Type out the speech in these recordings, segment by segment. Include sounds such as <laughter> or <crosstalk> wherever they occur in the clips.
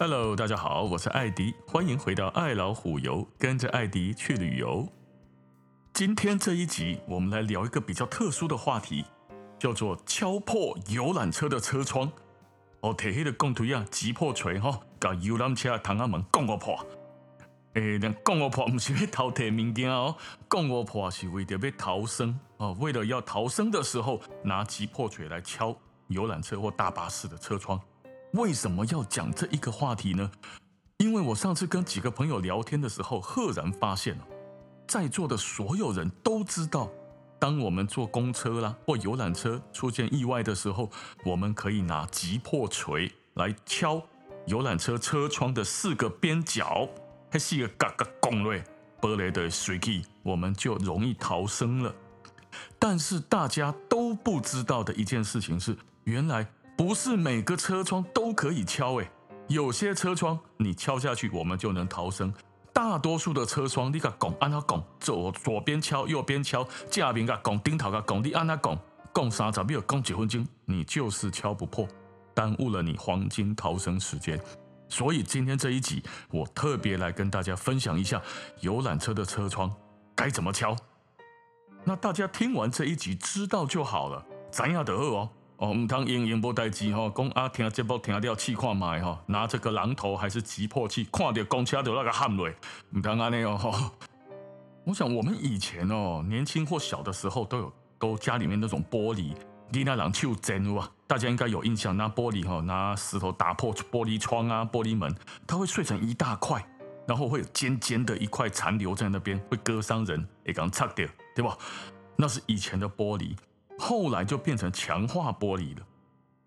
Hello，大家好，我是艾迪，歡迎回到愛老虎遊，跟着艾迪去旅遊。今天這一集，我們來聊一個比較特殊的話題，叫做敲破遊覽車的車窗。哦，提起的工具啊，擊破錘哈、哦，把遊覽車擋啊門，共個破。誒，共個破不是要偷摕物件哦，共個破是為了要逃生哦，為了要逃生的時候，拿擊破錘來敲遊覽車或大巴士的車窗。為什麼要講這一個話題呢？因為我上次跟幾個朋友聊天的時候，赫然發現，在座的所有人都知道，當我們坐公車啦或遊覽車出現意外的時候，我們可以拿擊破錘來敲遊覽車車窗的四個邊角，還是一個嘎嘎攻略，玻璃的水氣，我們就容易逃生了。但是大家都不知道的一件事情是，原來。不是每個車窗都可以敲哎，有些車窗你敲下去我們就能逃生，大多數的車窗你個拱，按它拱，左左邊敲，右邊敲，正面個拱，頂頭個拱，你按哪拱，拱三十秒，拱幾分鐘，你就是敲不破，耽誤了你黃金逃生時間。所以今天這一集我特別來跟大家分享一下遊覽車的車窗該怎麼敲。那大家聽完這一集知道就好了，咱要得餓哦。哦，毋通用用無代志吼，講啊聽節波聽得要氣看賣吼，拿這個榔頭還是擊破器，看到公車就那個喊落，毋通安尼哦。我想我們以前哦，年輕或小的時候都有，都家裡面那種玻璃，你那榔頭真哇，大家應該有印象，拿玻璃哈、哦，拿石頭打破玻璃窗啊，玻璃門，它會碎成一大塊，然後會有尖尖的一塊殘留在那邊，會割傷人，也講擦掉，對吧？那是以前的玻璃。後來就變成強化玻璃了。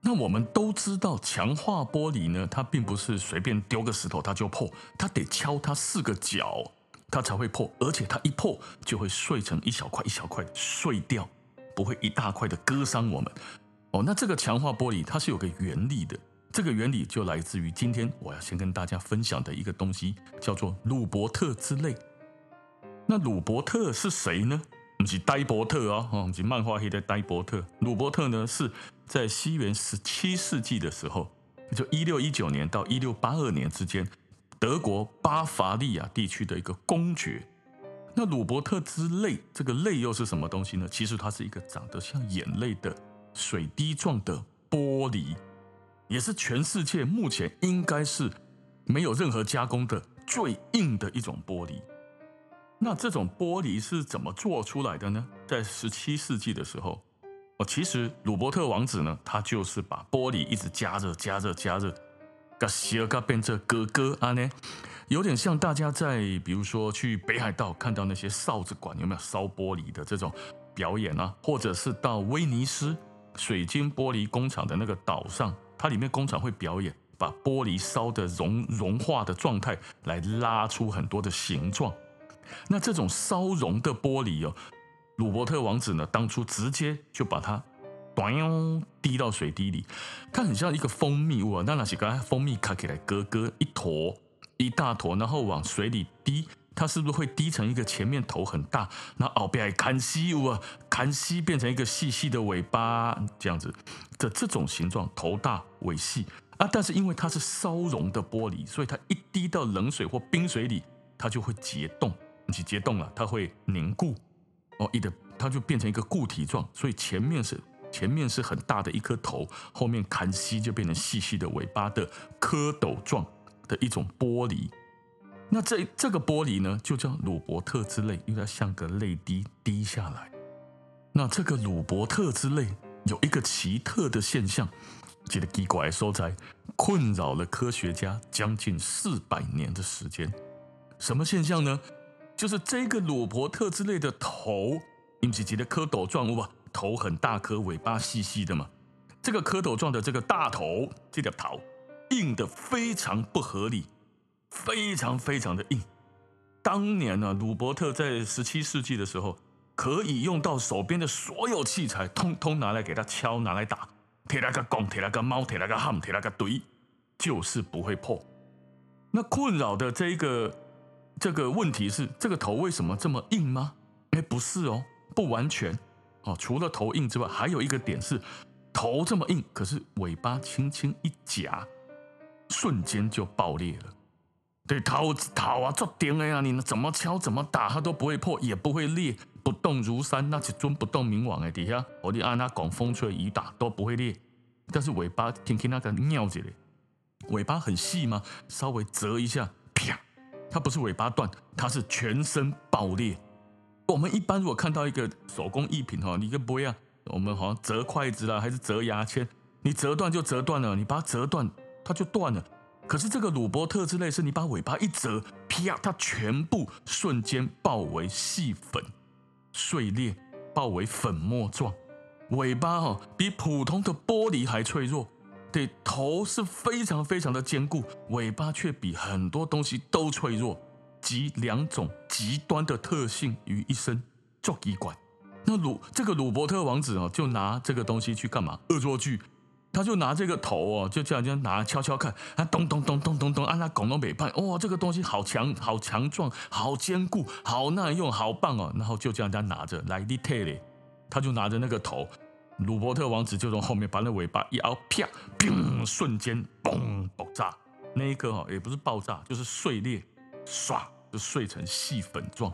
那我們都知道，強化玻璃呢，它並不是隨便丟個石頭它就破，它得敲它四個角，它才會破。而且它一破就會碎成一小塊一小塊碎掉，不會一大塊的割傷我們。哦，那這個強化玻璃它是有個原理的，這個原理就來自於今天我要先跟大家分享的一個東西，叫做魯伯特之淚。那魯伯特是誰呢？是呆伯特啊，哦，是漫畫裡的呆伯特。魯伯特呢，是在西元十七世紀的時候，就一六一九年到一六八二年之間，德國巴伐利亞地區的一個公爵。那魯伯特之淚，這個淚又是什麼東西呢？其實它是一個長得像眼淚的水滴狀的玻璃，也是全世界目前應該是沒有任何加工的最硬的一種玻璃。那這種玻璃是怎麼做出來的呢？在十七世紀的時候，哦，其實魯伯特王子呢，他就是把玻璃一直加熱、加熱、加熱，噶燒噶變成高高這疙疙啊呢，有點像大家在比如說去北海道看到那些哨子館有沒有燒玻璃的這種表演啊，或者是到威尼斯水晶玻璃工廠的那個島上，它裡面工廠會表演把玻璃燒的融融化的狀態來拉出很多的形狀。那這種燒融的玻璃哦，魯伯特王子呢，當初直接就把它，滴到水滴裡，它很像一個蜂蜜哇！那那些個蜂蜜看起來咯咯一坨一大坨，然後往水裡滴，它是不是會滴成一個前面頭很大，那後,後面看西哇，看西變成一個細細的尾巴這樣子的這種形狀，頭大尾細啊！但是因為它是燒融的玻璃，所以它一滴到冷水或冰水裡，它就會結凍。結凍了，它會凝固，哦，一的它就變成一個固體狀，所以前面是前面是很大的一顆頭，後面砍細就變成細細的尾巴的蝌蚪狀的一種玻璃。那這這個玻璃呢，就叫魯伯特之淚，因為它像個淚滴滴下來。那這個魯伯特之淚有一個奇特的現象，記得給過來收摘，困擾了科學家將近四百年的時間。什麼現象呢？就是這個魯伯特之淚的頭，你們只覺得蝌蚪狀，不，頭很大顆，尾巴細細的嘛。這個蝌蚪狀的這個大頭，這條頭硬得非常不合理，非常非常的硬。當年呢，魯伯特在十七世紀的時候，可以用到手邊的所有器材，通通拿來給他敲，拿來打，提了個棍，提了個貓，提了個鎬，提了個錘，就是不會破。那困擾的這個。這個問題是這個頭為什麼這麼硬嗎？哎，不是哦，不完全哦。除了頭硬之外，還有一個點是頭這麼硬，可是尾巴輕輕一夾，瞬間就爆裂了。對，頭頭啊，這釘啊，哎呀，你怎麼敲怎麼打它都不會破，也不會裂，不動如山。那是尊不動明王哎，底下我哋按它講，風吹雨打都不會裂。但是尾巴聽聽那個尿子咧，尾巴很細嘛，稍微折一下。它不是尾巴斷，它是全身爆裂。我們一般如果看到一個手工藝品哈，一個玻璃，我們好像折筷子啦，還是折牙籤，你折斷就折斷了，你把它折斷，它就斷了。可是這個魯伯特之淚，是你把尾巴一折，啪，啊，它全部瞬間爆為細粉，碎裂爆為粉末狀。尾巴哈、哦，比普通的玻璃還脆弱。對頭是非常非常的堅固，尾巴卻比很多東西都脆弱，集兩種極端的特性於一身。捉魚管，那魯這個魯伯特王子哦，就拿這個東西去幹嘛？惡作劇，他就拿這個頭哦，就叫人家拿敲敲看，啊咚咚咚咚咚咚，啊那搞弄北派，哇這個東西好強，好強壯，好堅固，好耐用，好棒哦，然後就叫人家拿着來，你睇咧，他就拿着那個頭。魯伯特王子就從後面把那尾巴一咬，啪，砰，瞬間嘣爆炸。那一刻哈，也不是爆炸，就是碎裂，唰就碎成細粉狀，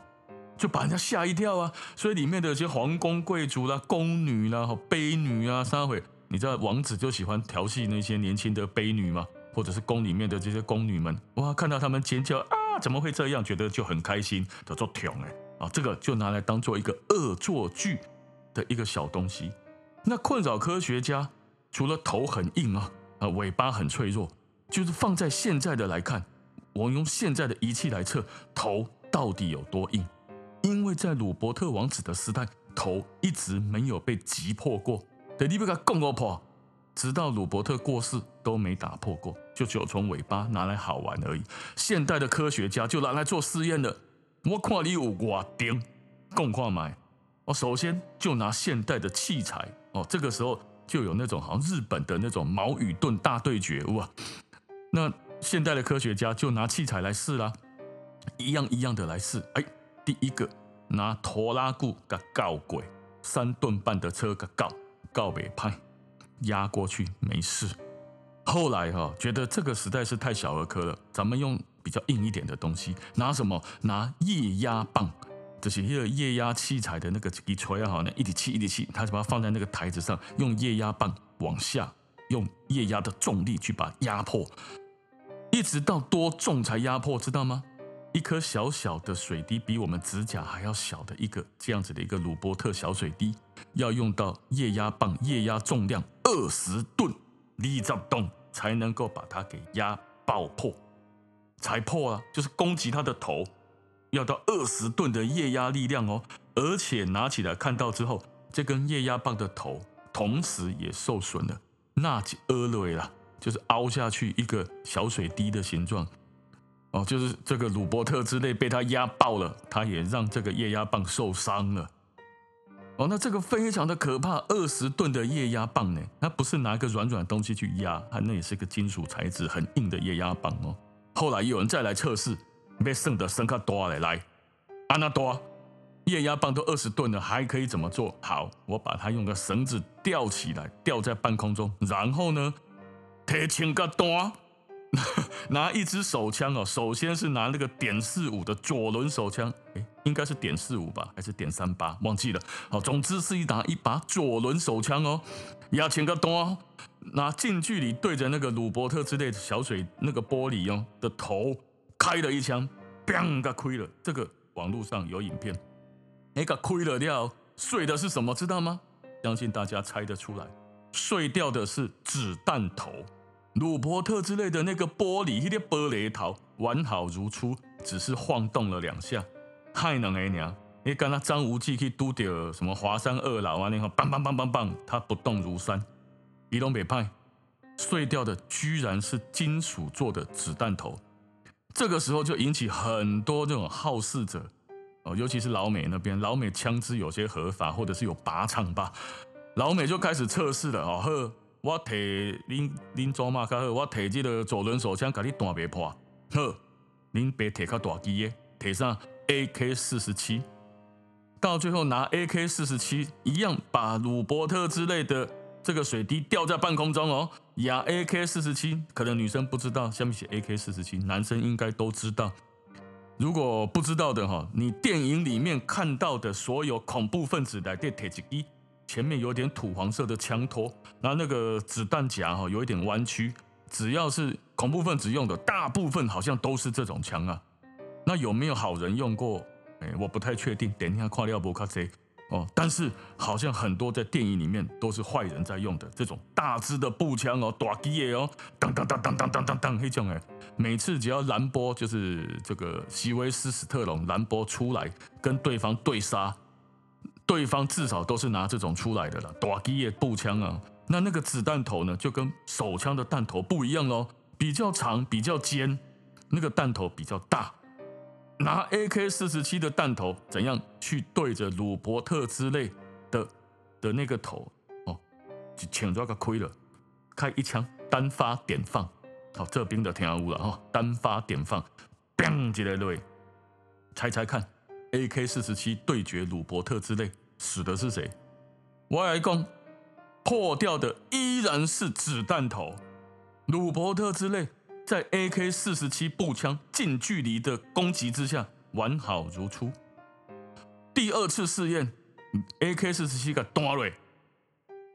就把人家嚇一跳啊。所以裡面的有些皇宮貴族啦、啊、宮女啦、啊、哈婢女啊，三回，你知道王子就喜歡調戲那些年輕的婢女嘛，或者是宮裡面的這些宮女們哇，看到他們尖叫啊，怎麼會這樣？覺得就很開心，叫做挺欸。啊，這個就拿來當做一個惡作劇的一個小東西。那困擾科學家，除了頭很硬啊，尾巴很脆弱，就是放在現在的來看，我用現在的儀器來測頭到底有多硬，因為在魯伯特王子的時代，頭一直沒有被擊破過，得你不要講我破，直到魯伯特過世都沒打破過，就只有從尾巴拿來好玩而已。現代的科學家就拿來做試驗的，我看你有多頂，共看麥，我首先就拿現代的器材。哦，這個時候就有那種好像日本的那種矛與盾大對決，哇！那現代的科學家就拿器材來試啦，一樣一樣的來試。哎，第一個拿拖拉庫噶搞鬼，三噸半的車噶搞搞袂歹，壓過去沒事。後來哈、哦，覺得這個實在是太小兒科了，咱們用比較硬一點的東西，拿什麼？拿液壓棒。這些液液壓器材的那個一錘哈、啊，那一滴氣一滴氣，他就把它放在那個台子上，用液壓棒往下，用液壓的重力去把它壓迫，一直到多重才壓迫，知道嗎？一顆小小的水滴，比我們指甲還要小的一個這樣子的一個魯伯特小水滴，要用到液壓棒液壓重量二十噸，你知道才能夠把它給壓爆破，才破啊，就是攻擊它的頭。要到二十噸的液壓力量哦，而且拿起來看到之後，這根液壓棒的頭同時也受損了，那呃了，就是凹下去一個小水滴的形狀哦，就是這個魯伯特之淚被它壓爆了，它也讓這個液壓棒受傷了哦。那這個非常的可怕，二十噸的液壓棒呢，它不是拿一個軟軟的東西去壓，它那也是一個金屬材質很硬的液壓棒哦。後來有人再來測試。被剩的聲卡多了，來，安娜多？液壓棒都二十噸了，還可以怎麼做？好，我把它用個繩子吊起來，吊在半空中，然後呢，提輕個多， <laughs> 拿一支手槍哦，首先是拿那個點四五的左輪手槍，誒，應該是點四五吧，還是點三八？忘記了。好，總之是一打一把左輪手槍哦，壓錢個多，拿近距離對着那個魯伯特之淚的小水那個玻璃哦的頭。開了一槍，砰！他虧了。這個網路上有影片，那個虧了掉碎的是什麼？知道嗎？相信大家猜得出來。碎掉的是子彈頭，魯伯特之淚的那個玻璃，那個玻璃頭完好如初，只是晃動了兩下。太能哎娘！你看到張無忌去堵掉什麼華山二老啊？那個梆梆梆梆梆，他不動如山。倚龍北派碎掉的居然是金屬做的子彈頭。這個時候就引起很多這種好事者，哦，尤其是老美那邊，老美槍支有些合法，或者是有靶場吧，老美就開始測試了，哦。好，我提恁恁裝嘛，妻妻好，我提這個左輪手槍給你打沒破。好，恁別提卡大機耶，提上 AK 四十七，到最後拿 AK 四十七一樣把魯伯特之淚的這個水滴吊在半空中哦。亞 A K 四十七，yeah, 47, 可能女生不知道，下面寫 A K 四十七，47, 男生應該都知道。如果不知道的哈，你電影裡面看到的所有恐怖分子來對鐵吉一，前面有點土黃色的槍托，那那個子彈夾哈有一點彎曲，只要是恐怖分子用的，大部分好像都是這種槍啊。那有沒有好人用過？欸，我不太確定。等一下看，跨掉不卡誰？哦，但是好像很多在電影裡面都是壞人在用的這種大支的步槍哦，短機也哦，當當當當當當當當，可以講哎，每次只要藍波就是這個席維斯史特龍藍波出來跟對方對殺，對方至少都是拿這種出來的啦，短機也步槍啊，那那個子彈頭呢就跟手槍的彈頭不一樣哦，比較長比較尖，那個彈頭比較大。拿 AK 四十七的彈頭怎樣去對着魯伯特之淚的的那個頭哦，就牽住個虧了，開一槍，單發點放，好，這邊的填完屋了哈，單發點放，砰！一個雷，猜猜看，AK 四十七對決魯伯特之淚，死的是誰？我來講，破掉的依然是子彈頭，魯伯特之淚，在 AK 四十七步槍近距離的攻擊之下完好如初。第二次試驗，AK 四十七個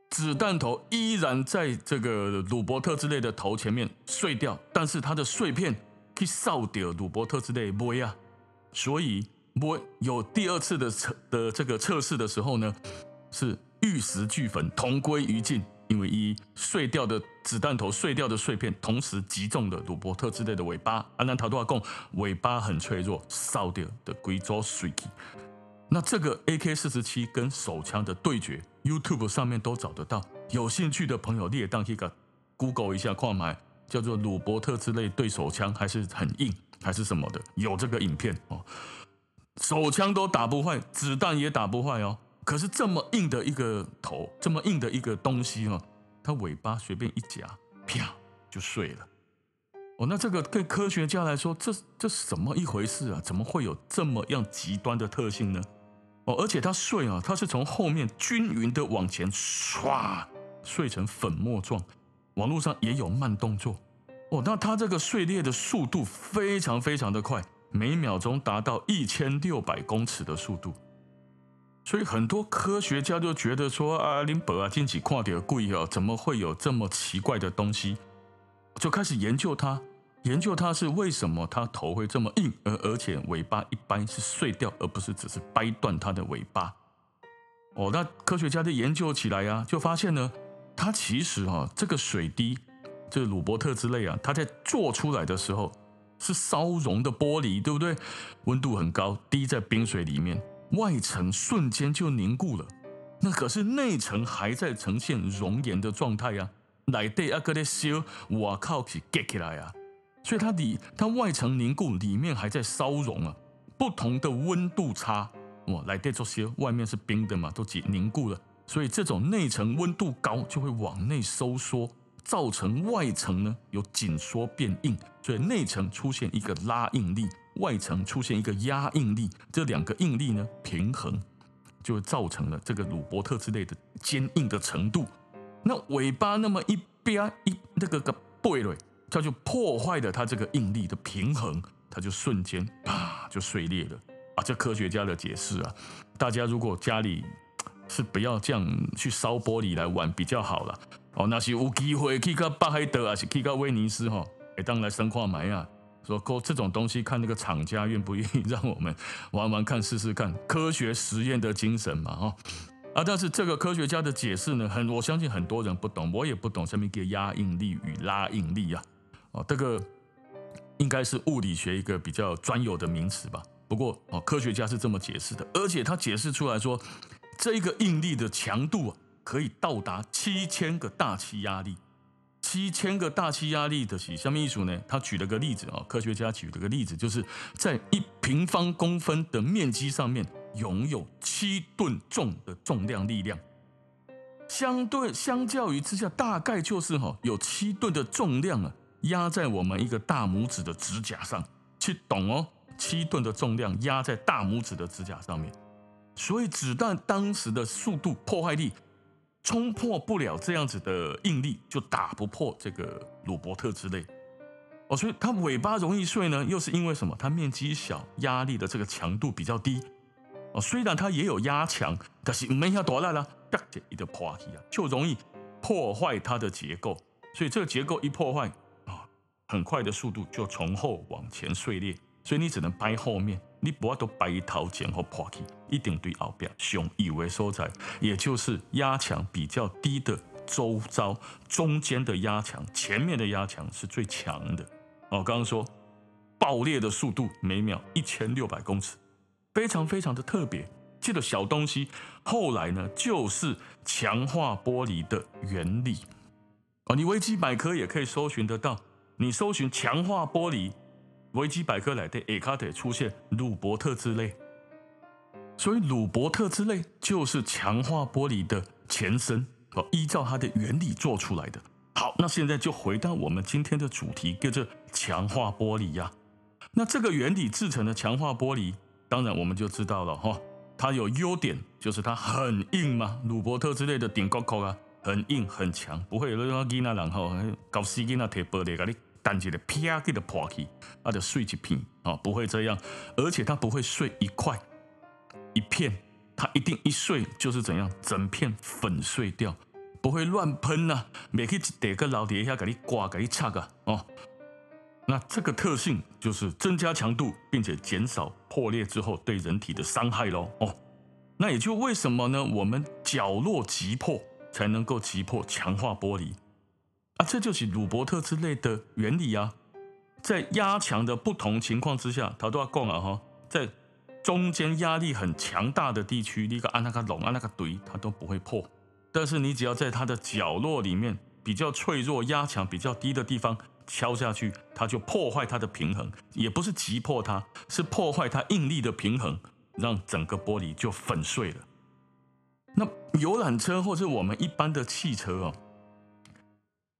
子彈頭依然在這個魯伯特之淚的頭前面碎掉，但是它的碎片可以掃掉魯伯特之淚的，boy 啊。所以，boy 有第二次的測的這個測試的時候呢，是玉石俱焚，同歸於盡。因為一,一碎掉的子彈頭、碎掉的碎片，同時擊中了魯伯特之淚的尾巴，安南塔多阿貢尾巴很脆弱，燒掉的龜爪水。那這個 AK 四十七跟手槍的對決，YouTube 上面都找得到。有興趣的朋友，列也當一個 Google 一下看看，購買叫做魯伯特之淚對手槍還是很硬，還是什麼的，有這個影片哦。手槍都打不壞，子彈也打不壞哦。可是這麼硬的一個頭，這麼硬的一個東西哦、啊，它尾巴隨便一夾，啪就碎了。哦，那這個對科學家來說，這這是怎麼一回事啊？怎麼會有這麼樣極端的特性呢？哦，而且它碎啊，它是從後面均勻的往前刷。碎成粉末狀。網絡上也有慢動作。哦，那它這個碎裂的速度非常非常的快，每秒鐘達到一千六百公尺的速度。所以很多科學家就覺得說啊，林伯啊，近期，看到鬼哦，怎麼會有這麼奇怪的東西？就開始研究它，研究它是為什麼它頭會這麼硬，而而且尾巴一般是碎掉，而不是只是掰斷它的尾巴。哦，那科學家就研究起來啊，就發現呢，它其實哈、啊，這個水滴，這、就、魯、是、伯特之淚啊，它在做出來的時候是燒熔的玻璃，對不對？溫度很高，滴在冰水裡面。外層瞬間就凝固了，那可是內層還在呈現熔岩的狀態呀。我靠，是 g 給 t 起來啊！所以它的它外層凝固，裡面還在燒融啊。不同的溫度差，哇，來得這些外面是冰的嘛，都結凝固了。所以這種內層溫度高，就會往內收縮，造成外層呢有緊縮變硬，所以內層出現一個拉應力。外層出現一個壓應力，這兩個應力呢平衡，就造成了這個魯伯特之淚的堅硬的程度。那尾巴那麼一邊一那個個背嘞，它就破壞了它這個應力的平衡，它就瞬間啪、啊、就碎裂了。啊，這科學家的解釋啊，大家如果家裡是不要這樣去燒玻璃來玩比較好了。哦，那是有機會去到巴海德還是去到威尼斯吼，會、哦、當來生化埋啊。說，過這種東西，看那個廠家願不願意讓我們玩玩看，試試看，科學實驗的精神嘛，哈啊！但是這個科學家的解釋呢，很，我相信很多人不懂，我也不懂什麼叫壓應力與拉應力啊，哦，這個應該是物理學一個比較專有的名詞吧。不過哦，科學家是這麼解釋的，而且他解釋出來說，這一個應力的強度可以到達七千個大氣壓力。七千個大氣壓力的、就、氣、是。下面一組呢，他舉了個例子啊，科學家舉了個例子，就是在一平方公分的面積上面擁有七噸重的重量力量相。相對相較於之下，大概就是哈，有七噸的重量啊，壓在我們一個大拇指的指甲上。去懂哦，七噸的重量壓在大拇指的指甲上面，所以子彈當時的速度破壞力。衝破不了這樣子的應力，就打不破這個魯伯特之淚。哦，所以它尾巴容易碎呢，又是因為什麼？它面積小，壓力的這個強度比較低。哦，雖然它也有壓強，但是門要多大爛就了？啪，一個破題啊，就容易破壞它的結構。所以這個結構一破壞，啊，很快的速度就從後往前碎裂。所以你只能掰後面。你不要都白桃漿或破起，一定對後邊熊以為收在，也就是壓強比較低的周遭中間的壓強，前面的壓強是最強的。我剛剛說爆裂的速度每秒一千六百公尺，非常非常的特別。這個小東西後來呢，就是強化玻璃的原理。哦，你維基百科也可以搜尋得到。你搜尋強化玻璃。維基百科內底下卡底出現魯伯特之淚，所以魯伯特之淚就是強化玻璃的前身，哦，依照它的原理做出來的。好，那現在就回到我們今天的主題，叫做強化玻璃呀、啊。那這個原理製成的強化玻璃，當然我們就知道了，吼，它有優點，就是它很硬嘛。魯伯特之淚的頂高口啊，很硬很強，不會那囡搞死囡仔摕玻單擊的啪地的破去，它就碎一片啊、哦，不會這樣，而且它不會碎一塊一片，它一定一碎就是怎樣，整片粉碎掉，不會亂噴吶、啊，沒去疊個老爹一下給你刮給你擦個哦。那這個特性就是增加強度，並且減少破裂之後對人體的傷害嘍哦。那也就為什麼呢？我們角落擊破才能夠擊破強化玻璃。啊，這就是魯伯特之淚的原理啊，在壓強的不同情況之下，他都要夠了哈。在中間壓力很強大的地區，你一個按那個龍，按那個堆，它都不會破。但是你只要在它的角落裡面比較脆弱、壓強比較低的地方敲下去，它就破壞它的平衡，也不是擊破它，是破壞它應力的平衡，讓整個玻璃就粉碎了。那遊覽車或是我們一般的汽車哦、啊。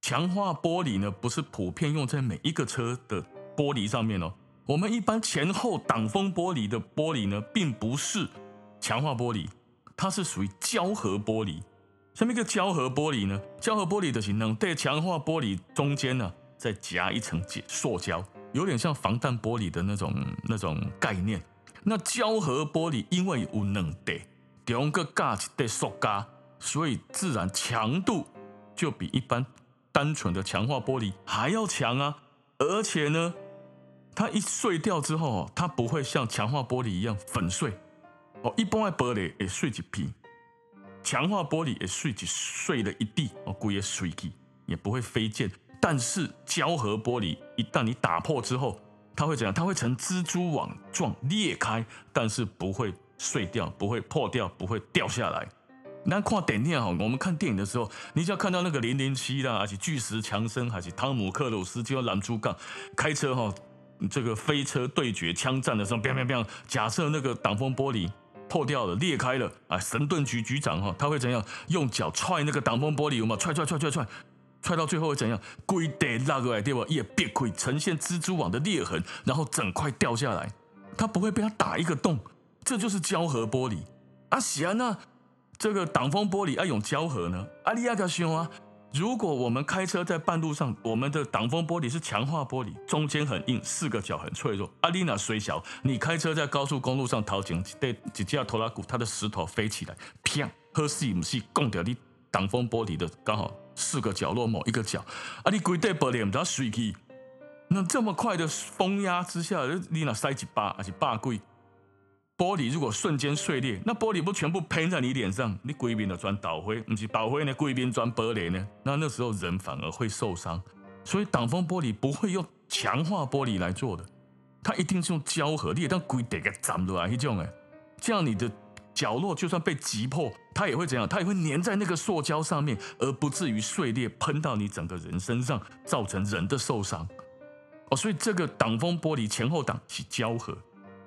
強化玻璃呢，不是普遍用在每一個車的玻璃上面哦。我們一般前後擋風玻璃的玻璃呢，並不是強化玻璃，它是屬於膠合玻璃。什麼叫膠合玻璃呢？膠合玻璃的形成，在強化玻璃中間呢、啊，再夾一層解塑膠，有點像防彈玻璃的那種那種概念。那膠合玻璃因為有兩疊兩個夾子的塑膠，所以自然強度就比一般。單純的強化玻璃還要強啊，而且呢，它一碎掉之後，它不會像強化玻璃一樣粉碎。哦，一般的玻璃也碎幾片，強化玻璃也碎幾碎了一地，哦，骨也碎幾，也不會飛濺。但是膠合玻璃一旦你打破之後，它會怎樣？它會呈蜘蛛網狀裂，裂開，但是不會碎掉，不會破掉，不會掉下來。那看電影哈，我們看電影的時候，你只要看到那個《零零七》啦，而且巨石強森還是湯姆克魯斯就要攔住槓，開車哈，這個飛車對決槍戰的時候，砰砰砰，假設那個擋風玻璃破掉了、裂開了啊，神盾局局長哈，他會怎樣用腳踹那個擋風玻璃有沒有？我們踹踹踹踹踹，踹，踹，踹，踹到最後會怎樣？龜裂那個 i d 也別跪，呈現蜘蛛網的裂痕，然後整塊掉下來，它不會被它打一個洞，這就是膠合玻璃啊！喜安娜。這個擋風玻璃要用膠合呢？阿麗亞講說啊，如果我們開車在半路上，我們的擋風玻璃是強化玻璃，中間很硬，四個角很脆弱。阿麗娜雖小，你開車在高速公路上逃警，對幾隻頭拉骨，它的石頭飛起來，砰，喝死唔死，攻掉你擋風玻璃的剛好四個角落某一個角。阿、啊、你亞對玻璃唔得，那這麼快的風壓之下，你你那塞一百還是百幾？玻璃如果瞬間碎裂，那玻璃不全部噴在你臉上？你貴賓的磚倒灰，不是倒灰呢？貴賓磚玻璃呢？那那時候人反而會受傷，所以擋風玻璃不會用強化玻璃來做的，它一定是用膠合的，但貴得給斬下來。那種誒，這樣你的角落就算被擊破，它也會怎樣？它也會粘在那個塑膠上面，而不至於碎裂噴到你整個人身上，造成人的受傷。哦，所以這個擋風玻璃前後擋是膠合，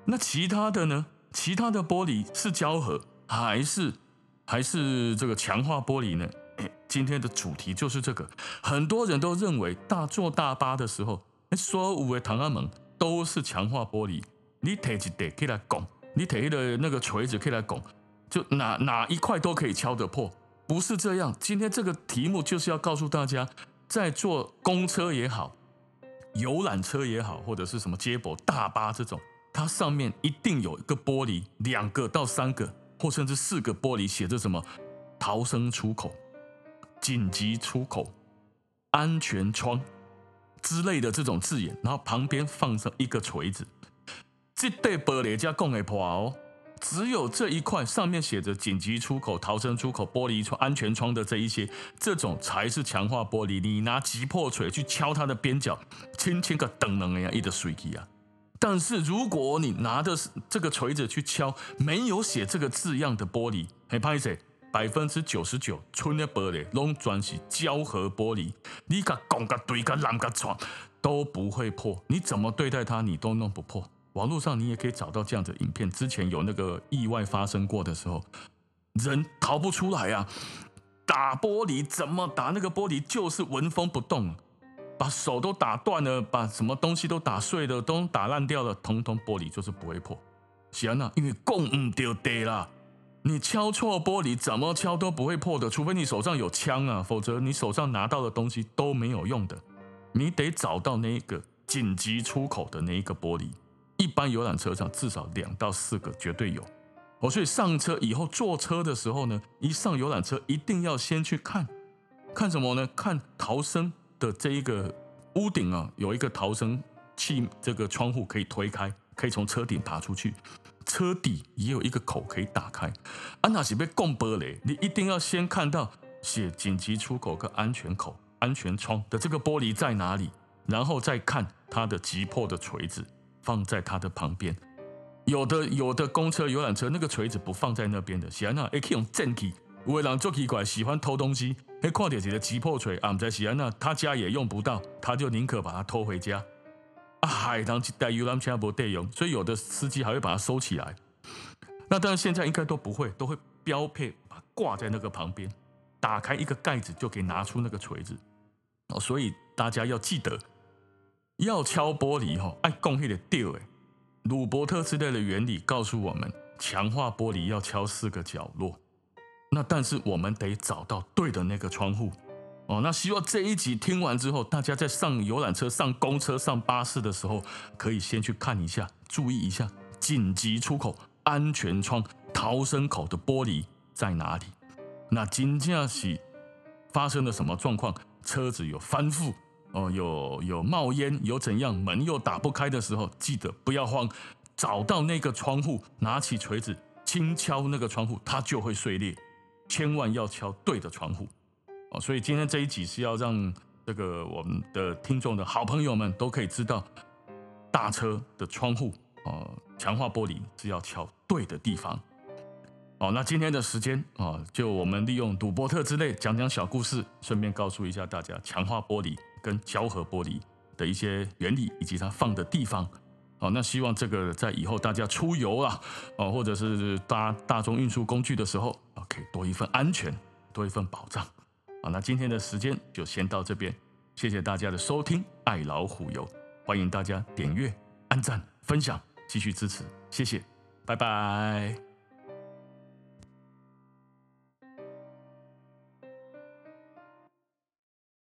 那其他的呢？其他的玻璃是膠合還是還是這個強化玻璃呢？今天的主題就是這個。很多人都認為大坐大巴的時候，所有的窗啊門，都是強化玻璃，你鐵一鐵可以來拱，你鐵一的那個錘子可以來拱，就哪哪一塊都可以敲得破，不是這樣。今天這個題目就是要告訴大家，在坐公車也好，遊覽車也好，或者是什麼接駁大巴這種。它上面一定有一個玻璃，兩個到三個，或甚至四個玻璃，寫着什麼“逃生出口”、“緊急出口”、“安全窗”之類的這種字眼，然後旁邊放上一個錘子。這對玻璃家講的話哦，只有這一塊上面寫着“緊急出口”、“逃生出口”、“玻璃窗”、“安全窗”的這一些，這種才是強化玻璃。你拿擊破錘去敲它的邊角，輕輕個噔噔一的碎去啊！但是如果你拿的是這個錘子去敲沒有寫這個字樣的玻璃，嘿、哎，不好意思，百分之九十九吹那玻璃攏，全是，膠合玻璃，你敢講個對個爛個傳都不會破。你怎麼對待它，你都弄不破。網絡上你也可以找到這樣的影片，之前有那個意外發生過的時候，人逃不出來啊，打玻璃怎麼打？那個玻璃就是紋風不動。把手都打斷了，把什麼東西都打碎了，都打爛掉了，通通玻璃就是不會破。安啊，因為夠唔到地啦。你敲錯玻璃，怎麼敲都不會破的，除非你手上有槍啊，否則你手上拿到的東西都沒有用的。你得找到那一個緊急出口的那一個玻璃，一般遊覽車上至少兩到四個，絕對有。我所以上車以後坐車的時候呢，一上遊覽車一定要先去看，看什麼呢？看逃生的這一個屋頂啊，有一個逃生器，這個窗戶可以推開，可以從車頂爬出去。車底也有一個口可以打開。安、啊、娜是被供玻璃，你一定要先看到寫緊急出口跟安全口、安全窗的這個玻璃在哪裡，然後再看它的擊破的錘子放在它的旁邊。有的有的公車遊覽車那個錘子不放在那邊的，安娜 a k 用震器。有的人很奇怪，喜歡偷東西。哎，況且是個擊破錘，啊，唔在西安那他家也用不到，他就寧可把它偷回家。啊，嗨，當一代遊覽車無得用，所以有的司機還會把它收起來。那當然現在應該都不會，都會標配把它掛在那個旁邊，打開一個蓋子就可以拿出那個錘子。哦，所以大家要記得，要敲玻璃吼，按共一的吊哎，魯伯特之淚的原理告訴我們，強化玻璃要敲四個角落。那但是我們得找到對的那個窗戶，哦，那希望這一集聽完之後，大家在上遊覽車、上公車、上巴士的時候，可以先去看一下，注意一下緊急出口、安全窗、逃生口的玻璃在哪裡。那今天要是發生了什麼狀況，車子有翻覆，哦，有有冒煙，有怎樣，門又打不開的時候，記得不要慌，找到那個窗戶，拿起錘子輕敲那個窗戶，它就會碎裂。千萬要敲對的窗戶，哦，所以今天這一集是要讓這個我們的聽眾的好朋友們都可以知道，大車的窗戶哦，強化玻璃是要敲對的地方。哦，那今天的時間啊，就我們利用魯伯特之淚講講小故事，順便告訴一下大家強化玻璃跟膠合玻璃的一些原理以及它放的地方。哦，那希望這個在以後大家出遊啊，哦，或者是搭大眾運輸工具的時候，可以多一份安全，多一份保障。好，那今天的時間就先到這邊，謝謝大家的收聽，愛老虎油，歡迎大家點閱、按讚、分享，繼續支持，謝謝，拜拜。